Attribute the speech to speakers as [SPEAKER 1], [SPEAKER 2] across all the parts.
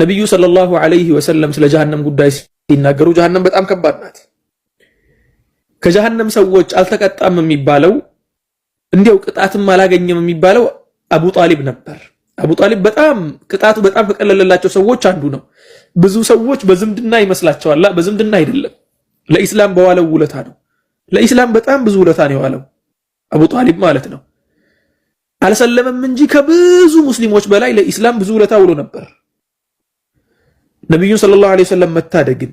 [SPEAKER 1] ነቢዩ ሰለላሁ አለይህ ወሰለም ስለ ጀሃነም ጉዳይ ሲናገሩ ጀሃነም በጣም ከባድ ናት፣ ከጀሃነም ሰዎች አልተቀጣም የሚባለው እንዲያው ቅጣትም አላገኘም የሚባለው አቡ ጣሊብ ነበር። አቡ ጣሊብ በጣም ቅጣቱ በጣም ከቀለለላቸው ሰዎች አንዱ ነው። ብዙ ሰዎች በዝምድና ይመስላቸዋል። በዝምድና አይደለም፣ ለኢስላም በዋለው ውለታ ነው። ለኢስላም በጣም ብዙ ውለታ ነው የዋለው አቡ ጣሊብ ማለት ነው። አልሰለመም እንጂ ከብዙ ሙስሊሞች በላይ ለኢስላም ብዙ ውለታ ውሎ ነበር። ነቢዩን ሰለላሁ ዐለይሂ ወሰለም መታደግን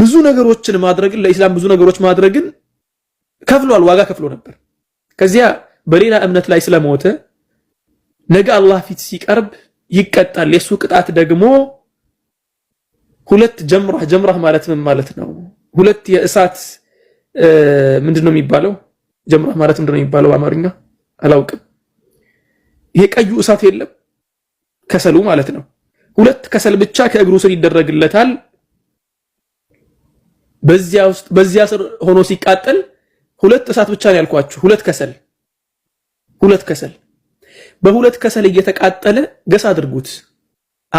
[SPEAKER 1] ብዙ ነገሮችን ማድረግን ለኢስላም ብዙ ነገሮች ማድረግን ከፍሏል፣ ዋጋ ከፍሎ ነበር። ከዚያ በሌላ እምነት ላይ ስለሞተ ነገ አላህ ፊት ሲቀርብ ይቀጣል። የእሱ ቅጣት ደግሞ ሁለት ጀምራህ ጀምራህ ማለት ምን ማለት ነው? ሁለት የእሳት ምንድን ነው የሚባለው? ጀምራህ ማለት ምንድን ነው የሚባለው? አማርኛ አላውቅም። ይሄ ቀዩ እሳት የለም ከሰሉ ማለት ነው ሁለት ከሰል ብቻ ከእግሩ ስር ይደረግለታል። በዚያ ውስጥ በዚያ ስር ሆኖ ሲቃጠል ሁለት እሳት ብቻ ነው ያልኳችሁ። ሁለት ከሰል ሁለት ከሰል በሁለት ከሰል እየተቃጠለ ገስ አድርጉት።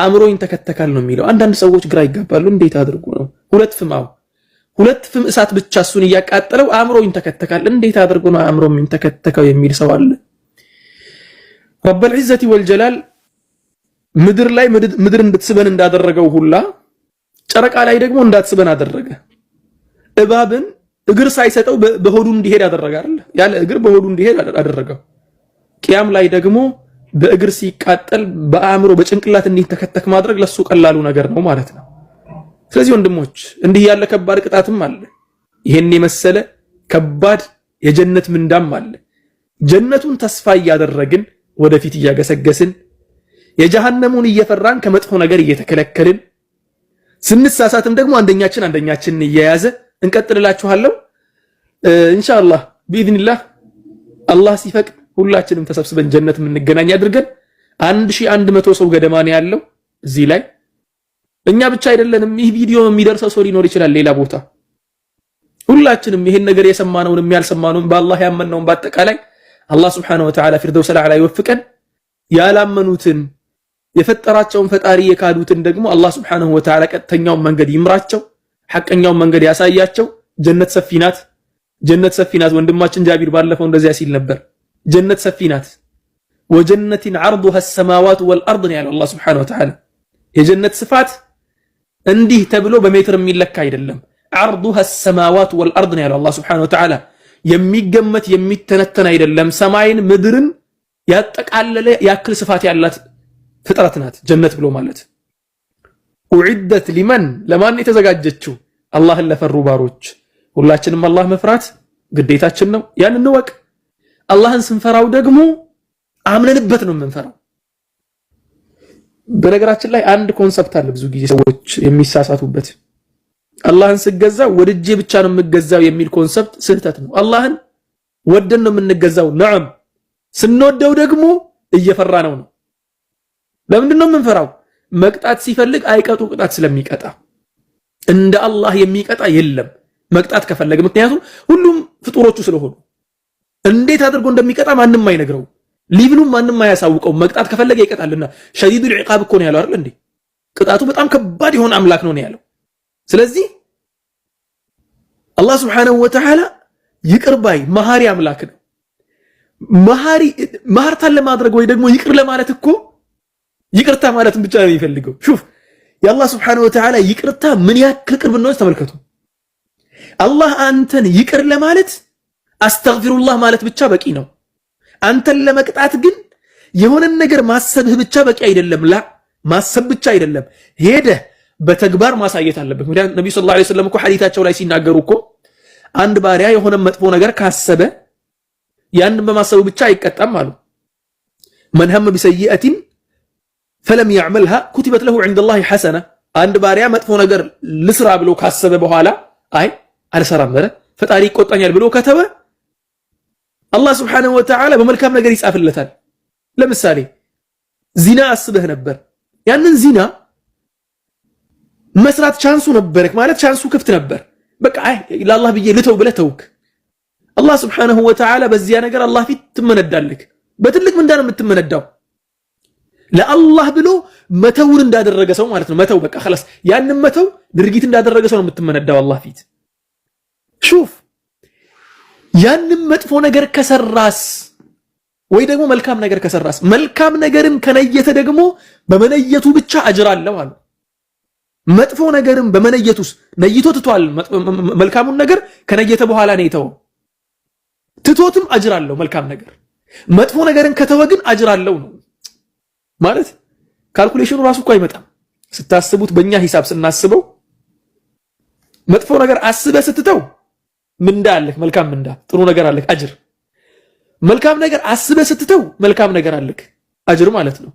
[SPEAKER 1] አእምሮኝ ተከተካል ነው የሚለው። አንዳንድ ሰዎች ግራ ይጋባሉ። እንዴት አድርጉ ነው? ሁለት ፍማው ሁለት ፍም እሳት ብቻ እሱን እያቃጠለው አእምሮኝ ተከተካል። እንዴት አድርጉ ነው አእምሮ ተከተከው የሚል ሰው አለ። ረበል ዒዘቲ ወልጀላል ምድር ላይ ምድር እንድትስበን እንዳደረገው ሁላ ጨረቃ ላይ ደግሞ እንዳትስበን አደረገ። እባብን እግር ሳይሰጠው በሆዱ እንዲሄድ አደረገ አይደል? ያለ እግር በሆዱ እንዲሄድ አደረገው። ቅያም ላይ ደግሞ በእግር ሲቃጠል በአእምሮ በጭንቅላት እንዲተከተክ ማድረግ ለሱ ቀላሉ ነገር ነው ማለት ነው። ስለዚህ ወንድሞች እንዲህ ያለ ከባድ ቅጣትም አለ። ይሄን የመሰለ ከባድ የጀነት ምንዳም አለ። ጀነቱን ተስፋ እያደረግን ወደፊት እያገሰገስን የጀሃነሙን እየፈራን ከመጥፎ ነገር እየተከለከልን ስንሳሳትም ደግሞ አንደኛችን አንደኛችንን እየያዘ እንቀጥልላችኋለሁ። ኢንሻአላህ ቢኢዝኒላህ አላህ ሲፈቅድ ሁላችንም ተሰብስበን ጀነት የምንገናኝ አድርገን አንድ ሺህ አንድ መቶ ሰው ገደማ ነው ያለው እዚህ ላይ እኛ ብቻ አይደለንም። ይህ ቪዲዮ የሚደርሰው ሰው ሊኖር ይችላል ሌላ ቦታ። ሁላችንም ይሄን ነገር የሰማነውን የሚያልሰማነውን በአላህ ያመንነውን በአጠቃላይ አላህ ሱብሓነሁ ወተዓላ ፊርደውስ አልአዕላ ይወፍቀን ያላመኑትን የፈጠራቸውን ፈጣሪ የካዱትን ደግሞ አላህ ስብሐነሁ ወተዓላ ቀጥተኛውን መንገድ ይምራቸው፣ ሐቀኛውን መንገድ ያሳያቸው። ጀነት ሰፊ ናት፣ ጀነት ሰፊ ናት። ወንድማችን ጃቢር ባለፈው እንደዚያ ሲል ነበር። ጀነት ሰፊ ናት። ወጀነቲን ዐርዱሃ ሰማዋቱ ወልአርድ ነው ያለው አላህ ስብሐነሁ ወተዓላ። የጀነት ስፋት እንዲህ ተብሎ በሜትር የሚለካ አይደለም። ዐርዱሃ ሰማዋቱ ወልአርድ ነው ያለው አላህ ስብሐነሁ ወተዓላ። የሚገመት የሚተነተን አይደለም። ሰማይን ምድርን ያጠቃለለ ያክል ስፋት ያላት ፍጥረት ናት ጀነት ብሎ ማለት ኡዒደት ሊመን ለማን የተዘጋጀችው አላህን ለፈሩ ባሮች ሁላችንም አላህ መፍራት ግዴታችን ነው ያን እንወቅ አላህን ስንፈራው ደግሞ አምነንበት ነው የምንፈራው በነገራችን ላይ አንድ ኮንሰፕት አለ ብዙ ጊዜ ሰዎች የሚሳሳቱበት አላህን ስገዛ ወድጄ ብቻ ነው የምገዛው የሚል ኮንሰፕት ስህተት ነው አላህን ወደን ነው የምንገዛው ነዓም ስንወደው ደግሞ እየፈራ ነው ነው ለምንድን ነው የምንፈራው? መቅጣት ሲፈልግ አይቀጡ ቅጣት ስለሚቀጣ እንደ አላህ የሚቀጣ የለም መቅጣት ከፈለገ። ምክንያቱም ሁሉም ፍጡሮቹ ስለሆኑ እንዴት አድርጎ እንደሚቀጣ ማንም አይነግረው፣ ሊብሉም ማንም አያሳውቀው። መቅጣት ከፈለገ ይቀጣልና ሸዲዱል ዒቃብ እኮ ነው ያለው አይደል እንዴ? ቅጣቱ በጣም ከባድ የሆነ አምላክ ነው ያለው። ስለዚህ አላህ ስብሓነሁ ወተዓላ ይቅርባይ መሐሪ አምላክ ነው። መሐሪ መሐርታን ለማድረግ ወይ ደግሞ ይቅር ለማለት እኮ ይቅርታ ማለትም ብቻ ነው የሚፈልገው። ሹፍ የአላህ ስብሐነሁ ወተዓላ ይቅርታ ምን ያክል ቅርብ እንደሆነ ተመልከቱ። አላህ አንተን ይቅር ለማለት አስተግፊሩላህ ማለት ብቻ በቂ ነው። አንተን ለመቅጣት ግን የሆነን ነገር ማሰብህ ብቻ በቂ አይደለም። ላ ማሰብ ብቻ አይደለም፣ ሄደህ በተግባር ማሳየት አለበት። ምክንያቱም ነቢዩ ሰለላሁ ዐለይሂ ወሰለም እኮ ሐዲታቸው ላይ ሲናገሩ እኮ አንድ ባሪያ የሆነ መጥፎ ነገር ካሰበ ያንን በማሰቡ ብቻ አይቀጣም አሉ። መንሐም ቢሰይአቲን ፈለም ያዕመልሃ ኩቲበት ለሁ ዐንደላሂ ሐሰና። አንድ ባሪያ መጥፎ ነገር ልስራ ብሎ ካሰበ በኋላ አይ አልሰራም ኧረ ፈጣሪ ይቆጣኛል ብሎ ከተበ አላህ ስብሓነሁ ወተዓላ በመልካም ነገር ይጻፍለታል። ለምሳሌ ዚና አስበህ ነበር፣ ያንን ዚና መስራት ቻንሱ ነበረክ ማለት ቻንሱ ክፍት ነበር። በቃ አይ ለአላህ ብዬ ልተው ብለህ ተውክ። አላህ ስብሓነሁ ወተዓላ በዚያ ነገር አላህ ፊት ትመነዳለህ። በትልቅ ምንዳ ነው የምትመነዳው። ለአላህ ብሎ መተውን እንዳደረገ ሰው ማለት ነው። መተው በቃ خلاص ያንን መተው ድርጊት እንዳደረገ ሰው ነው የምትመነዳው አላህ ፊት። ሹፍ ያንን መጥፎ ነገር ከሰራስ ወይ ደግሞ መልካም ነገር ከሰራስ፣ መልካም ነገርን ከነየተ ደግሞ በመነየቱ ብቻ አጅር አለው አሉ። መጥፎ ነገርን በመነየቱስ ነይቶ ትቷል። መልካሙን ነገር ከነየተ በኋላ ነው የተወው፣ ትቶትም አጅር አለው መልካም ነገር። መጥፎ ነገርን ከተወ ግን አጅር አለው ነው ማለት ካልኩሌሽኑ ራሱ እኮ አይመጣም። ስታስቡት በእኛ ሂሳብ ስናስበው መጥፎ ነገር አስበህ ስትተው ምንዳ አለህ፣ መልካም ምንዳ፣ ጥሩ ነገር አለህ፣ አጅር። መልካም ነገር አስበህ ስትተው መልካም ነገር አለህ፣ አጅር ማለት ነው።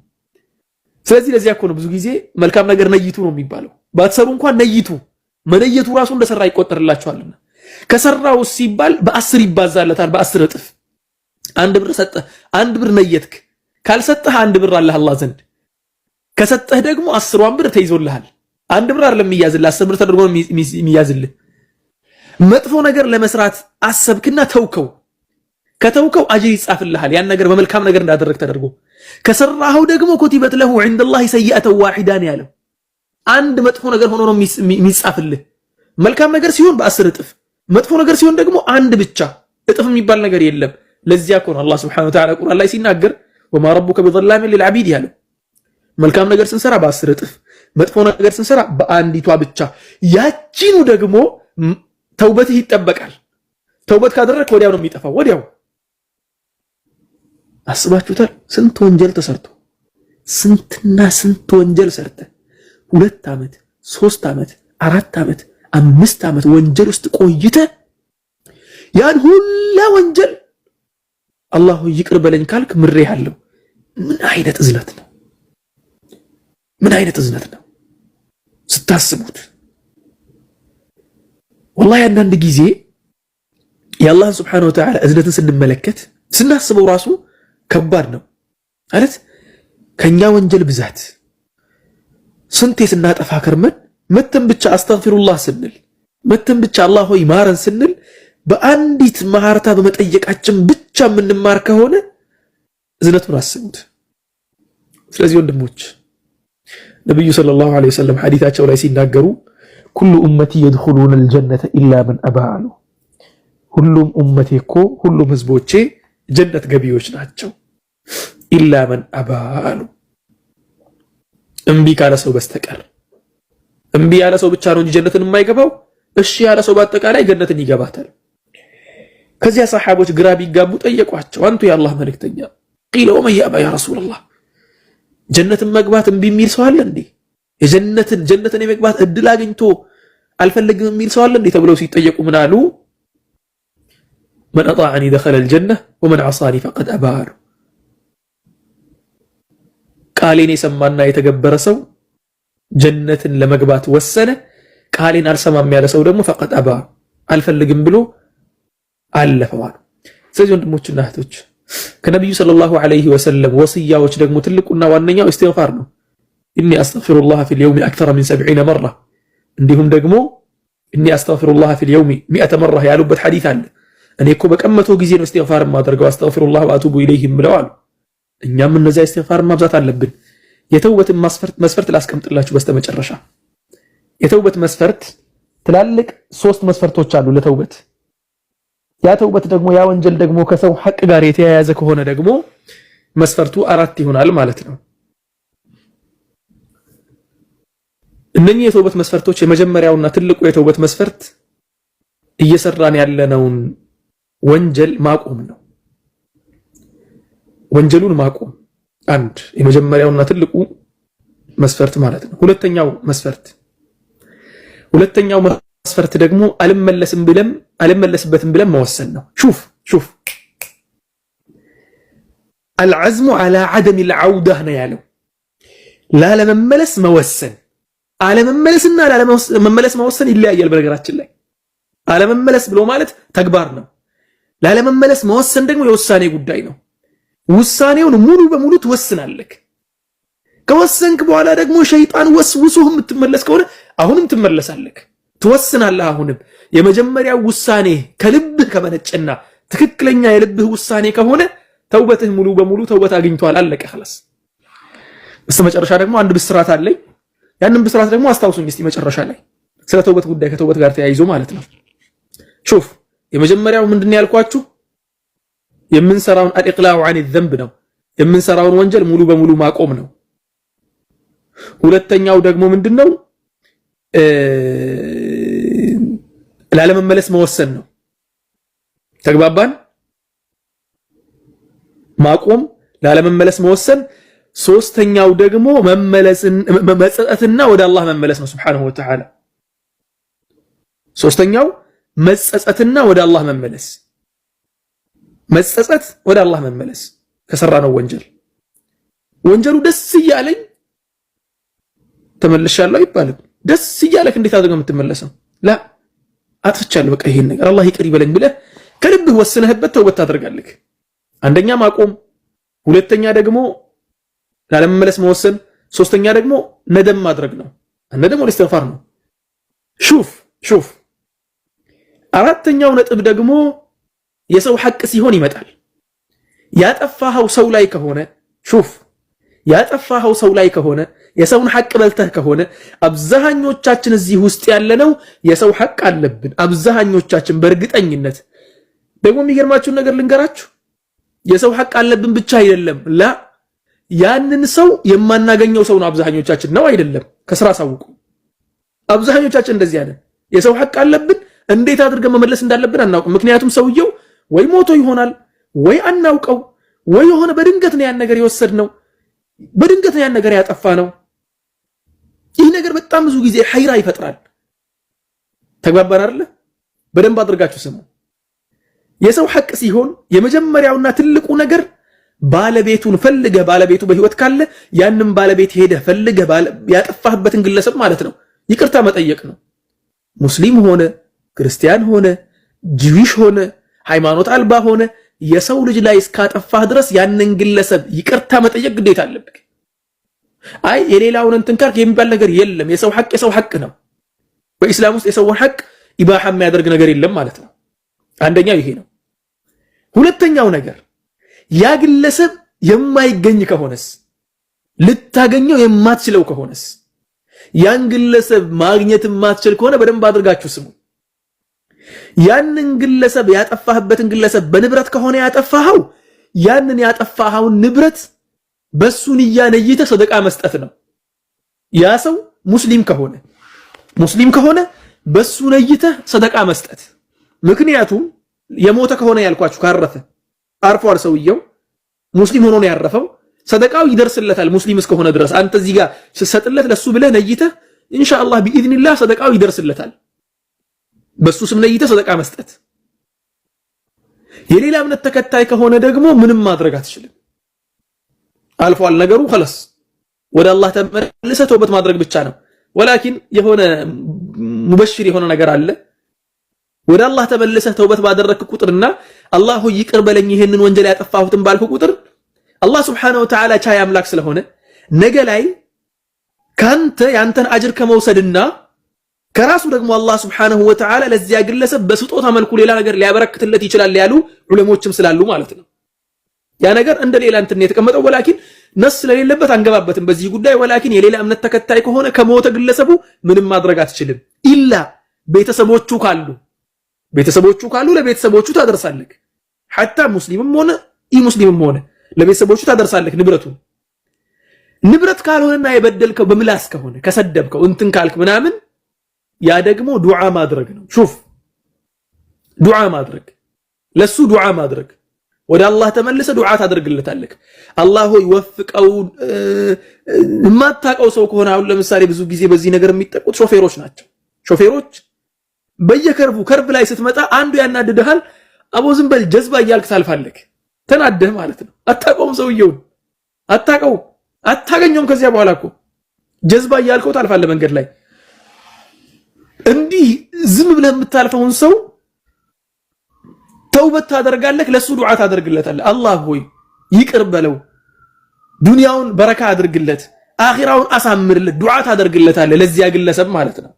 [SPEAKER 1] ስለዚህ ለዚያ እኮ ነው ብዙ ጊዜ መልካም ነገር ነይቱ ነው የሚባለው። ባትሰሩ እንኳን ነይቱ፣ መነየቱ ራሱ እንደሰራ ይቆጠርላችኋልና ከሰራው ሲባል በአስር ይባዛለታል፣ በአስር እጥፍ። አንድ ብር ሰጠህ፣ አንድ ብር ነየትክ ካልሰጠህ አንድ ብር አለህ አላህ ዘንድ ከሰጠህ ደግሞ አስሯን ብር ተይዞልሃል። አንድ ብር አይደለም የሚያዝልህ፣ አስር ብር ተደርጎ የሚያዝልህ። መጥፎ ነገር ለመስራት አሰብክና ተውከው፣ ከተውከው አጅር ይጻፍልሃል። ያን ነገር በመልካም ነገር እንዳደረግ ተደርጎ ከሰራኸው ደግሞ ኮቲበት ለሁ ዐንደላሂ ሰይአተን ዋሂዳን ያለው አንድ መጥፎ ነገር ሆኖ ነው የሚጻፍልህ። መልካም ነገር ሲሆን በአስር እጥፍ፣ መጥፎ ነገር ሲሆን ደግሞ አንድ ብቻ እጥፍ የሚባል ነገር የለም። ለዚያ እኮ ነው አላህ ሱብሓነሁ ወተዓላ ቁርአን ላይ ሲናገር ወማ ረቡከ ቢዘላሚን ሊልዓቢድ ያለው መልካም ነገር ስንሰራ በአስር እጥፍ መጥፎ ነገር ስንሰራ በአንዲቷ ብቻ። ያቺኑ ደግሞ ተውበትህ ይጠበቃል። ተውበት ካደረግክ ወዲያው ነው የሚጠፋው። ወዲያው አስባችሁታል? ስንት ወንጀል ተሰርቶ ስንትና ስንት ወንጀል ሰርተ ሁለት ዓመት ሶስት ዓመት አራት ዓመት አምስት ዓመት ወንጀል ውስጥ ቆይተ ያን ሁላ ወንጀል አላሁ ይቅር በለኝ ካልክ ምሬሃለሁ ምን አይነት እዝነት ነው? ምን አይነት እዝነት ነው ስታስቡት። ወላሂ አንዳንድ ጊዜ የአላህን ስብሓነሁ ወተዓላ እዝነትን ስንመለከት ስናስበው ራሱ ከባድ ነው ማለት ከእኛ ወንጀል ብዛት ስንቴ ስናጠፋ ከርመን መተን ብቻ አስተግፊሩላህ ስንል መተን ብቻ አላህ ሆይ ማረን ስንል በአንዲት መሐርታ በመጠየቃችን ብቻ የምንማር ከሆነ እዝነቱን አስቡት። ስለዚህ ወንድሞች ነቢዩ ሰለላሁ ዐለይሂ ወሰለም ሐዲታቸው ላይ ሲናገሩ ኩሉ ኡመቲ የድኹሉን አልጀነተ ኢላ መን አባ አሉ። ሁሉም ኡመቴ እኮ ሁሉም ህዝቦቼ ጀነት ገቢዎች ናቸው፣ ኢላ መን አባ አሉ፣ እምቢ ካለ ሰው በስተቀር። እምቢ ያለ ሰው ብቻ ነው እንጂ ጀነትን የማይገባው፣ እሺ ያለ ሰው በአጠቃላይ ጀነትን ይገባታል። ከዚያ ሰሓቦች ግራ ቢጋቡ ጠየቋቸው፣ አንቱ የአላህ መልእክተኛ ቂለ ወመን ያባ ያ ረሱላላህ ጀነትን መግባት እምቢ የሚል ሰው አለ እንዴ? የጀነትን ጀነትን የመግባት እድል አግኝቶ አልፈልግም የሚል ሰው አለ እንዴ? ተብለው ሲጠየቁ ምን አሉ? መን አጣዕኒ ደኸለ ልጀነ ወመን ዓሳኒ ፈቀድ አባ አሉ። ቃሌን የሰማና የተገበረ ሰው ጀነትን ለመግባት ወሰነ። ቃሌን አልሰማም ያለ ሰው ደግሞ ፈቀድ አባ አልፈልግም ብሎ አለፈዋል። ስለዚህ ወንድሞችና እህቶች ከነቢዩ ሰለላሁ ዐለይሂ ወሰለም ወስያዎች ደግሞ ትልቁና ዋነኛው እስትግፋር ነው። እኒ አስተግፊሩላህ ፊል የውሚ አክተረ ሚን ሰብዒነ መራ እንዲሁም ደግሞ እኒ አስተግፊሩላህ ፊል የውሚ ሚአተ መራ ያሉበት ሐዲት አለ። እኔ እኮ በቀን መቶ ጊዜ ነው እስትግፋር የማደርገው አስተግፊሩላህ ወአቱቡ ኢለይህ ብለው አሉ። እኛም እነዚያ እስትግፋርን ማብዛት አለብን። የተውበትን መስፈርት ላስቀምጥላችሁ በስተመጨረሻ የተውበት መስፈርት ትላልቅ ሶስት መስፈርቶች አሉ ለተውበት ያ ተውበት ደግሞ ያ ወንጀል ደግሞ ከሰው ሐቅ ጋር የተያያዘ ከሆነ ደግሞ መስፈርቱ አራት ይሆናል ማለት ነው። እነኚህ የተውበት መስፈርቶች የመጀመሪያውና ትልቁ የተውበት መስፈርት እየሰራን ያለነውን ወንጀል ማቆም ነው። ወንጀሉን ማቆም አንድ የመጀመሪያውና ትልቁ መስፈርት ማለት ነው። ሁለተኛው መስፈርት ሁለተኛው መስፈርት ደግሞ አልመለስም ብለም አልመለስበትም ብለን መወሰን ነው። ሹፍ ሹፍ አልዓዝሙ አላ ዓደም ልዓውዳ ነው ያለው። ላለመመለስ መወሰን አለመመለስና ላለመመለስ መወሰን ይለያያል። በነገራችን ላይ አለመመለስ ብሎ ማለት ተግባር ነው። ላለመመለስ መወሰን ደግሞ የውሳኔ ጉዳይ ነው። ውሳኔውን ሙሉ በሙሉ ትወስናለክ። ከወሰንክ በኋላ ደግሞ ሸይጣን ወስውሱህ የምትመለስ ከሆነ አሁንም ትመለሳለክ። ትወስናለህ። አሁንም የመጀመሪያው ውሳኔ ከልብህ ከመነጨና ትክክለኛ የልብህ ውሳኔ ከሆነ ተውበትህ ሙሉ በሙሉ ተውበት አግኝቷል። አለቀ خلاص። በስተመጨረሻ ደግሞ አንድ ብስራት አለኝ። ያንን ብስራት ደግሞ አስታውሱኝ እስቲ መጨረሻ ላይ ስለ ተውበት ጉዳይ ከተውበት ጋር ተያይዞ ማለት ነው። ሹፍ የመጀመሪያው ምንድን ያልኳችሁ? የምንሰራውን አልኢቅላዑ አን ዘንብ ነው የምንሰራውን ወንጀል ሙሉ በሙሉ ማቆም ነው። ሁለተኛው ደግሞ ምንድነው ላለመመለስ መወሰን ነው። ተግባባን። ማቆም ላለመመለስ መወሰን፣ ሶስተኛው ደግሞ መጸጸትና ወደ አላህ መመለስ ነው። ሱብሓነሁ ወተዓላ ሶስተኛው መጸጸትና ወደ አላህ መመለስ፣ መጸጸት ወደ አላህ መመለስ ከሰራ ነው ወንጀል ወንጀሉ ደስ እያለኝ ተመልሻለሁ አይባልም። ደስ እያለክ እንዴት አድርገህ የምትመለሰው? ላ አጥፍቻለሁ፣ በቃ ይሄን ነገር አላህ ይቅር ይበለኝ ብለህ ከልብህ ወስነህበት ተውበት ታደርጋለህ። አንደኛ ማቆም፣ ሁለተኛ ደግሞ ላለመመለስ መወሰን፣ ሶስተኛ ደግሞ ነደም ማድረግ ነው። ነደም ወደ እስትግፋር ነው። ሹፍ ሹፍ። አራተኛው ነጥብ ደግሞ የሰው ሐቅ ሲሆን ይመጣል። ያጠፋኸው ሰው ላይ ከሆነ ሹፍ ያጠፋኸው ሰው ላይ ከሆነ የሰውን ሐቅ በልተህ ከሆነ አብዛኞቻችን እዚህ ውስጥ ያለነው የሰው ሐቅ አለብን። አብዛኞቻችን በእርግጠኝነት ደግሞ የሚገርማችሁን ነገር ልንገራችሁ፣ የሰው ሐቅ አለብን ብቻ አይደለም ላ ያንን ሰው የማናገኘው ሰው ነው አብዛኞቻችን ነው አይደለም። ከስራ ሳውቁ አብዛኞቻችን እንደዚህ ያለን የሰው ሐቅ አለብን፣ እንዴት አድርገን መመለስ እንዳለብን አናውቅም። ምክንያቱም ሰውየው ወይ ሞቶ ይሆናል ወይ አናውቀው ወይ የሆነ በድንገት ነው ያን ነገር የወሰድነው በድንገት ያን ነገር ያጠፋ ነው። ይህ ነገር በጣም ብዙ ጊዜ ሀይራ ይፈጥራል። ተግባባን አይደለ? በደንብ አድርጋችሁ ስሙ። የሰው ሐቅ ሲሆን የመጀመሪያውና ትልቁ ነገር ባለቤቱን ፈልገ ባለቤቱ በህይወት ካለ ያንን ባለቤት ሄደ ፈልገ ያጠፋህበትን ግለሰብ ማለት ነው ይቅርታ መጠየቅ ነው። ሙስሊም ሆነ ክርስቲያን ሆነ ጅዊሽ ሆነ ሃይማኖት አልባ ሆነ የሰው ልጅ ላይ እስካጠፋህ ድረስ ያንን ግለሰብ ይቅርታ መጠየቅ ግዴታ አለብህ። አይ የሌላውን እንትን ካልክ የሚባል ነገር የለም። የሰው ሐቅ የሰው ሐቅ ነው። በኢስላም ውስጥ የሰውን ሐቅ ኢባሃ የሚያደርግ ነገር የለም ማለት ነው። አንደኛው ይሄ ነው። ሁለተኛው ነገር ያ ግለሰብ የማይገኝ ከሆነስ ልታገኘው የማትችለው ከሆነስ ያን ግለሰብ ማግኘት የማትችል ከሆነ በደንብ አድርጋችሁ ስሙ። ያንን ግለሰብ ያጠፋህበትን ግለሰብ በንብረት ከሆነ ያጠፋኸው ያንን ያጠፋኸውን ንብረት በሱን እያነይተህ ሰደቃ መስጠት ነው። ያ ሰው ሙስሊም ከሆነ ሙስሊም ከሆነ በሱ ነይተህ ሰደቃ መስጠት። ምክንያቱም የሞተ ከሆነ ያልኳችሁ ካረፈ አርፏል። ሰውየው ሙስሊም ሆኖ ነው ያረፈው። ሰደቃው ይደርስለታል ሙስሊም እስከሆነ ድረስ። አንተ እዚህ ጋር ስትሰጥለት ለሱ ብለህ ነይተህ ኢንሻአላህ ቢኢዝኒላህ ሰደቃው ይደርስለታል። በሱ ስም ለይተ ሰደቃ መስጠት። የሌላ እምነት ተከታይ ከሆነ ደግሞ ምንም ማድረግ አትችልም። አልፏል ነገሩ ኸለስ ወደ አላህ ተመልሰህ ተውበት ማድረግ ብቻ ነው። ወላኪን የሆነ ሙበሽር የሆነ ነገር አለ። ወደ አላህ ተመልሰህ ተውበት ባደረግክ ቁጥርና አላህ ይቅር በለኝ ይህንን ወንጀል ያጠፋሁትን ባልክ ቁጥር አላህ ስብሓነሁ ወተዓላ ቻይ አምላክ ስለሆነ ነገ ላይ ካንተ ያንተን አጅር ከመውሰድና ከራሱ ደግሞ አላህ ስብሐነሁ ወተዓላ ለዚያ ግለሰብ በስጦታ መልኩ ሌላ ነገር ሊያበረክትለት ይችላል ያሉ ዑለሞችም ስላሉ ማለት ነው። ያ ነገር እንደ ሌላ እንትን የተቀመጠው ወላኪን ነስ ስለሌለበት አንገባበትም በዚህ ጉዳይ። ወላኪን የሌላ እምነት ተከታይ ከሆነ ከሞተ ግለሰቡ ምንም ማድረግ አትችልም። ኢላ ቤተሰቦቹ ካሉ ቤተሰቦቹ ካሉ ለቤተሰቦቹ ታደርሳለህ። ሐታ ሙስሊምም ሆነ ኢ ሙስሊምም ሆነ ለቤተሰቦቹ ታደርሳለህ ንብረቱ ንብረት ካልሆነና የበደልከው በምላስ ከሆነ ከሰደብከው እንትን ካልክ ምናምን ያ ደግሞ ዱዓ ማድረግ ነው። ሹፍ ዱዓ ማድረግ ለሱ ዱዓ ማድረግ ወደ አላህ ተመልሰ ዱዓ ታደርግለታለህ። አላህ ሆይ ወፍቀው። የማታውቀው ሰው ከሆነ አሁን ለምሳሌ ብዙ ጊዜ በዚህ ነገር የሚጠቁት ሾፌሮች ናቸው። ሾፌሮች በየከርቡ ከርብ ላይ ስትመጣ አንዱ ያናድድሃል። አቦ ዝም በል ጀዝባ እያልክ ታልፋለህ። ተናደህ ማለት ነው። አታውቀውም፣ ሰውየውን አታውቀውም፣ አታገኘውም። ከዚያ በኋላ እኮ ጀዝባ እያልከው ታልፋለህ መንገድ ላይ እንዲህ ዝም ብለህ የምታልፈውን ሰው ተውበት ታደርጋለህ፣ ለሱ ዱዓ ታደርግለታለህ። አላህ ሆይ ይቅር በለው፣ ዱንያውን በረካ አድርግለት፣ አኺራውን አሳምርለት፣ ዱዓ ታደርግለታለህ ለዚያ ግለሰብ ማለት ነው።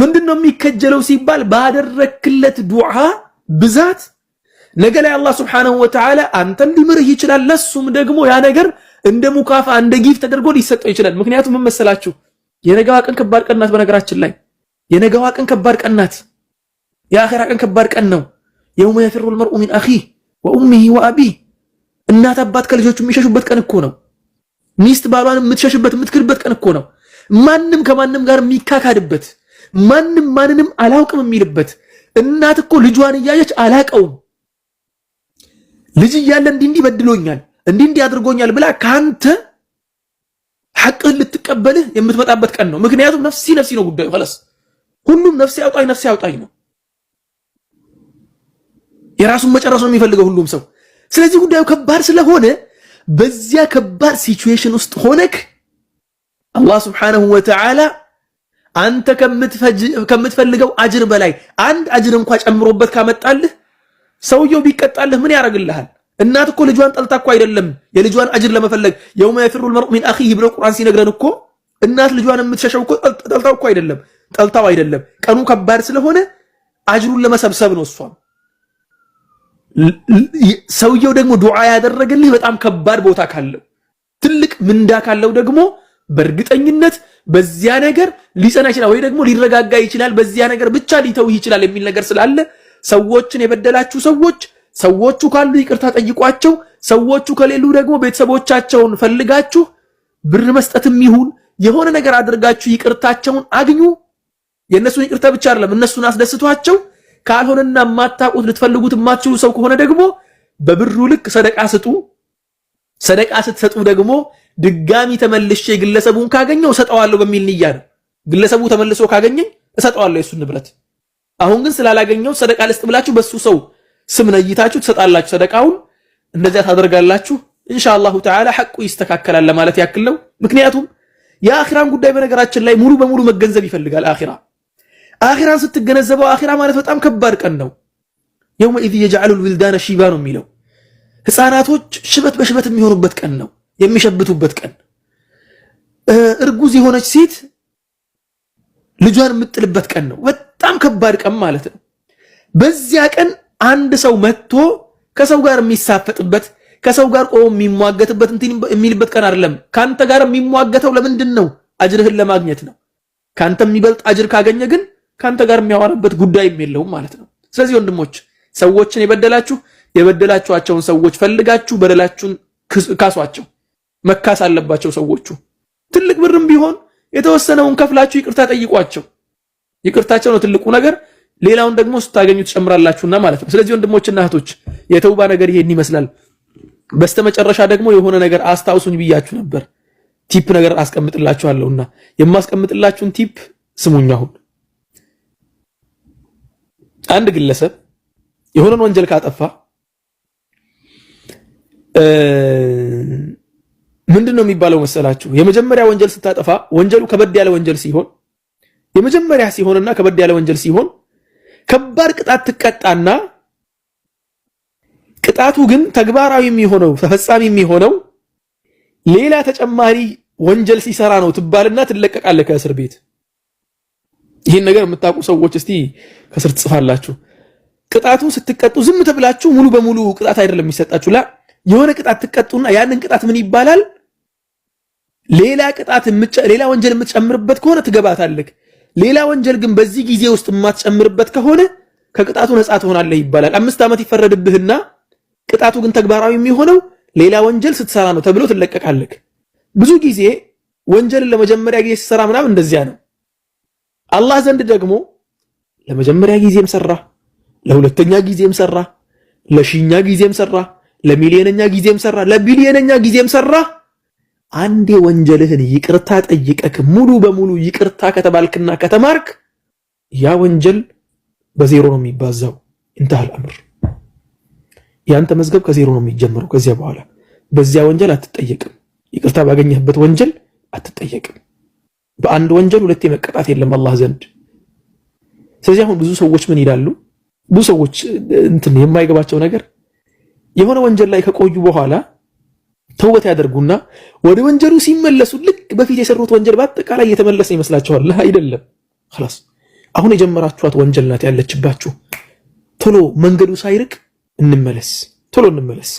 [SPEAKER 1] ምንድነው የሚከጀለው ሲባል ባደረክለት ዱዓ ብዛት ነገ ላይ አላህ ስብሓነሁ ወተዓላ አንተን ሊምርህ ይችላል። ለሱም ደግሞ ያ ነገር እንደ ሙካፋ እንደ ጊፍ ተደርጎ ሊሰጠው ይችላል። ምክንያቱም ምን መሰላችሁ የነገዋ ቀን ከባድ ቀን ናት። በነገራችን ላይ የነገዋ ቀን ከባድ ቀን ናት። የአኼራ ቀን ከባድ ቀን ነው። የውመ የፊሩል መርኡ ሚን አኺ ወኡሚሂ ወአቢ እናት አባት ከልጆቹ የሚሸሹበት ቀን እኮ ነው። ሚስት ባሏን የምትሸሽበት የምትክድበት ቀን እኮ ነው። ማንም ከማንም ጋር የሚካካድበት፣ ማንም ማንንም አላውቅም የሚልበት። እናት እኮ ልጇን እያየች አላቀውም ልጅ እያለ እንዲህ እንዲህ በድሎኛል እንዲህ እንዲህ አድርጎኛል ብላ ከአንተ ሐቅህን ልትቀበልህ የምትመጣበት ቀን ነው። ምክንያቱም ነፍሲ ነፍሲ ነው ጉዳዩ ለስ ሁሉም ነፍሴ አውጣኝ ነፍሴ አውጣኝ ነው። የራሱን መጨረስ ነው የሚፈልገው ሁሉም ሰው። ስለዚህ ጉዳዩ ከባድ ስለሆነ በዚያ ከባድ ሲቹዌሽን ውስጥ ሆነክ አላህ ስብሓነሁ ወተዓላ አንተ ከምትፈልገው አጅር በላይ አንድ አጅር እንኳ ጨምሮበት ካመጣልህ ሰውየው ቢቀጣልህ ምን ያደርግልሃል? እናት እኮ ልጇን ጠልታ እኮ አይደለም የልጇን አጅር ለመፈለግ የውመ የፊሩል መርኡ ሚን አኺሂ ብሎ ቁርአን ሲነግረን እኮ እናት ልጇን የምትሸሸው እኮ ጠልታው እኮ አይደለም ጠልታው አይደለም። ቀኑ ከባድ ስለሆነ አጅሩን ለመሰብሰብ ነው። እሷም ሰውየው ደግሞ ዱዓ ያደረገልህ በጣም ከባድ ቦታ ካለው ትልቅ ምንዳ ካለው ደግሞ በእርግጠኝነት በዚያ ነገር ሊጸና ይችላል፣ ወይ ደግሞ ሊረጋጋ ይችላል፣ በዚያ ነገር ብቻ ሊተው ይችላል የሚል ነገር ስላለ ሰዎችን የበደላችሁ ሰዎች ሰዎቹ ካሉ ይቅርታ ጠይቋቸው። ሰዎቹ ከሌሉ ደግሞ ቤተሰቦቻቸውን ፈልጋችሁ ብር መስጠትም ይሁን የሆነ ነገር አድርጋችሁ ይቅርታቸውን አግኙ። የእነሱን ይቅርታ ብቻ አይደለም እነሱን አስደስቷቸው ካልሆነና የማታውቁት ልትፈልጉት የማትችሉ ሰው ከሆነ ደግሞ በብሩ ልክ ሰደቃ ስጡ። ሰደቃ ስትሰጡ ደግሞ ድጋሚ ተመልሼ ግለሰቡን ካገኘው እሰጠዋለሁ በሚል ንያ ነው። ግለሰቡ ተመልሶ ካገኘኝ እሰጠዋለሁ የሱን ንብረት። አሁን ግን ስላላገኘው ሰደቃ ልስጥ ብላችሁ በሱ ሰው ስም ነይታችሁ ትሰጣላችሁ። ሰደቃውን እንደዚያ ታደርጋላችሁ። ኢንሻአላሁ ተዓላ ሐቁ ይስተካከላል ለማለት ያክል ነው። ምክንያቱም የአኺራን ጉዳይ በነገራችን ላይ ሙሉ በሙሉ መገንዘብ ይፈልጋል አኺራ አኺራን ስትገነዘበው አኺራ ማለት በጣም ከባድ ቀን ነው። የውመ ኢዝ የጀዐሉል ዊልዳነ ሺባ ነው የሚለው። ህፃናቶች ሽበት በሽበት የሚሆኑበት ቀን ነው፣ የሚሸብቱበት ቀን። እርጉዝ የሆነች ሴት ልጇን የምጥልበት ቀን ነው። በጣም ከባድ ቀን ማለት ነው። በዚያ ቀን አንድ ሰው መጥቶ ከሰው ጋር የሚሳፈጥበት ከሰው ጋር ቆሞ የሚሟገትበት እንትን የሚልበት ቀን አይደለም። ከአንተ ጋር የሚሟገተው ለምንድን ነው? አጅርህን ለማግኘት ነው። ከአንተ የሚበልጥ አጅር ካገኘ ግን ከአንተ ጋር የሚያወራበት ጉዳይም የለውም ማለት ነው። ስለዚህ ወንድሞች ሰዎችን የበደላችሁ የበደላችኋቸውን ሰዎች ፈልጋችሁ በደላችሁን ካሷቸው። መካስ አለባቸው ሰዎቹ። ትልቅ ብርም ቢሆን የተወሰነውን ከፍላችሁ ይቅርታ ጠይቋቸው። ይቅርታቸው ነው ትልቁ ነገር። ሌላውን ደግሞ ስታገኙ ትጨምራላችሁና ማለት ነው። ስለዚህ ወንድሞችና እህቶች የተውባ ነገር ይሄን ይመስላል። በስተመጨረሻ ደግሞ የሆነ ነገር አስታውሱኝ ብያችሁ ነበር። ቲፕ ነገር አስቀምጥላችኋለሁና የማስቀምጥላችሁን ቲፕ ስሙኝ አሁን አንድ ግለሰብ የሆነን ወንጀል ካጠፋ ምንድን ነው የሚባለው መሰላችሁ? የመጀመሪያ ወንጀል ስታጠፋ ወንጀሉ ከበድ ያለ ወንጀል ሲሆን የመጀመሪያ ሲሆንና ከበድ ያለ ወንጀል ሲሆን ከባድ ቅጣት ትቀጣና ቅጣቱ ግን ተግባራዊ የሚሆነው ተፈጻሚ የሚሆነው ሌላ ተጨማሪ ወንጀል ሲሰራ ነው ትባልና ትለቀቃለህ ከእስር ቤት። ይህን ነገር የምታውቁ ሰዎች እስቲ ከስር ትጽፋላችሁ። ቅጣቱ ስትቀጡ ዝም ተብላችሁ ሙሉ በሙሉ ቅጣት አይደለም የሚሰጣችሁ ላ የሆነ ቅጣት ትቀጡና ያንን ቅጣት ምን ይባላል? ሌላ ቅጣት ሌላ ወንጀል የምትጨምርበት ከሆነ ትገባታለህ። ሌላ ወንጀል ግን በዚህ ጊዜ ውስጥ የማትጨምርበት ከሆነ ከቅጣቱ ነፃ ትሆናለህ ይባላል። አምስት ዓመት ይፈረድብህና ቅጣቱ ግን ተግባራዊ የሚሆነው ሌላ ወንጀል ስትሰራ ነው ተብሎ ትለቀቃለህ። ብዙ ጊዜ ወንጀልን ለመጀመሪያ ጊዜ ስትሰራ ምናምን እንደዚያ ነው። አላህ ዘንድ ደግሞ ለመጀመሪያ ጊዜም ሰራ፣ ለሁለተኛ ጊዜም ሰራ፣ ለሺኛ ጊዜም ሰራ፣ ለሚሊዮነኛ ጊዜም ሰራ፣ ለቢሊዮነኛ ጊዜም ሰራ። አንዴ ወንጀልህን ይቅርታ ጠይቀክ ሙሉ በሙሉ ይቅርታ ከተባልክና ከተማርክ ያ ወንጀል በዜሮ ነው የሚባዛው። እንታል አምር ያንተ መዝገብ ከዜሮ ነው የሚጀምረው። ከዚያ በኋላ በዚያ ወንጀል አትጠየቅም። ይቅርታ ባገኘህበት ወንጀል አትጠየቅም። በአንድ ወንጀል ሁለቴ መቀጣት የለም አላህ ዘንድ። ስለዚህ አሁን ብዙ ሰዎች ምን ይላሉ? ብዙ ሰዎች እንትን የማይገባቸው ነገር የሆነ ወንጀል ላይ ከቆዩ በኋላ ተውበት ያደርጉና ወደ ወንጀሉ ሲመለሱ ልክ በፊት የሰሩት ወንጀል በአጠቃላይ እየተመለሰ ይመስላቸዋል። አይደለም። ኸላስ አሁን የጀመራችኋት ወንጀል ናት ያለችባችሁ። ቶሎ መንገዱ ሳይርቅ እንመለስ፣ ቶሎ እንመለስ።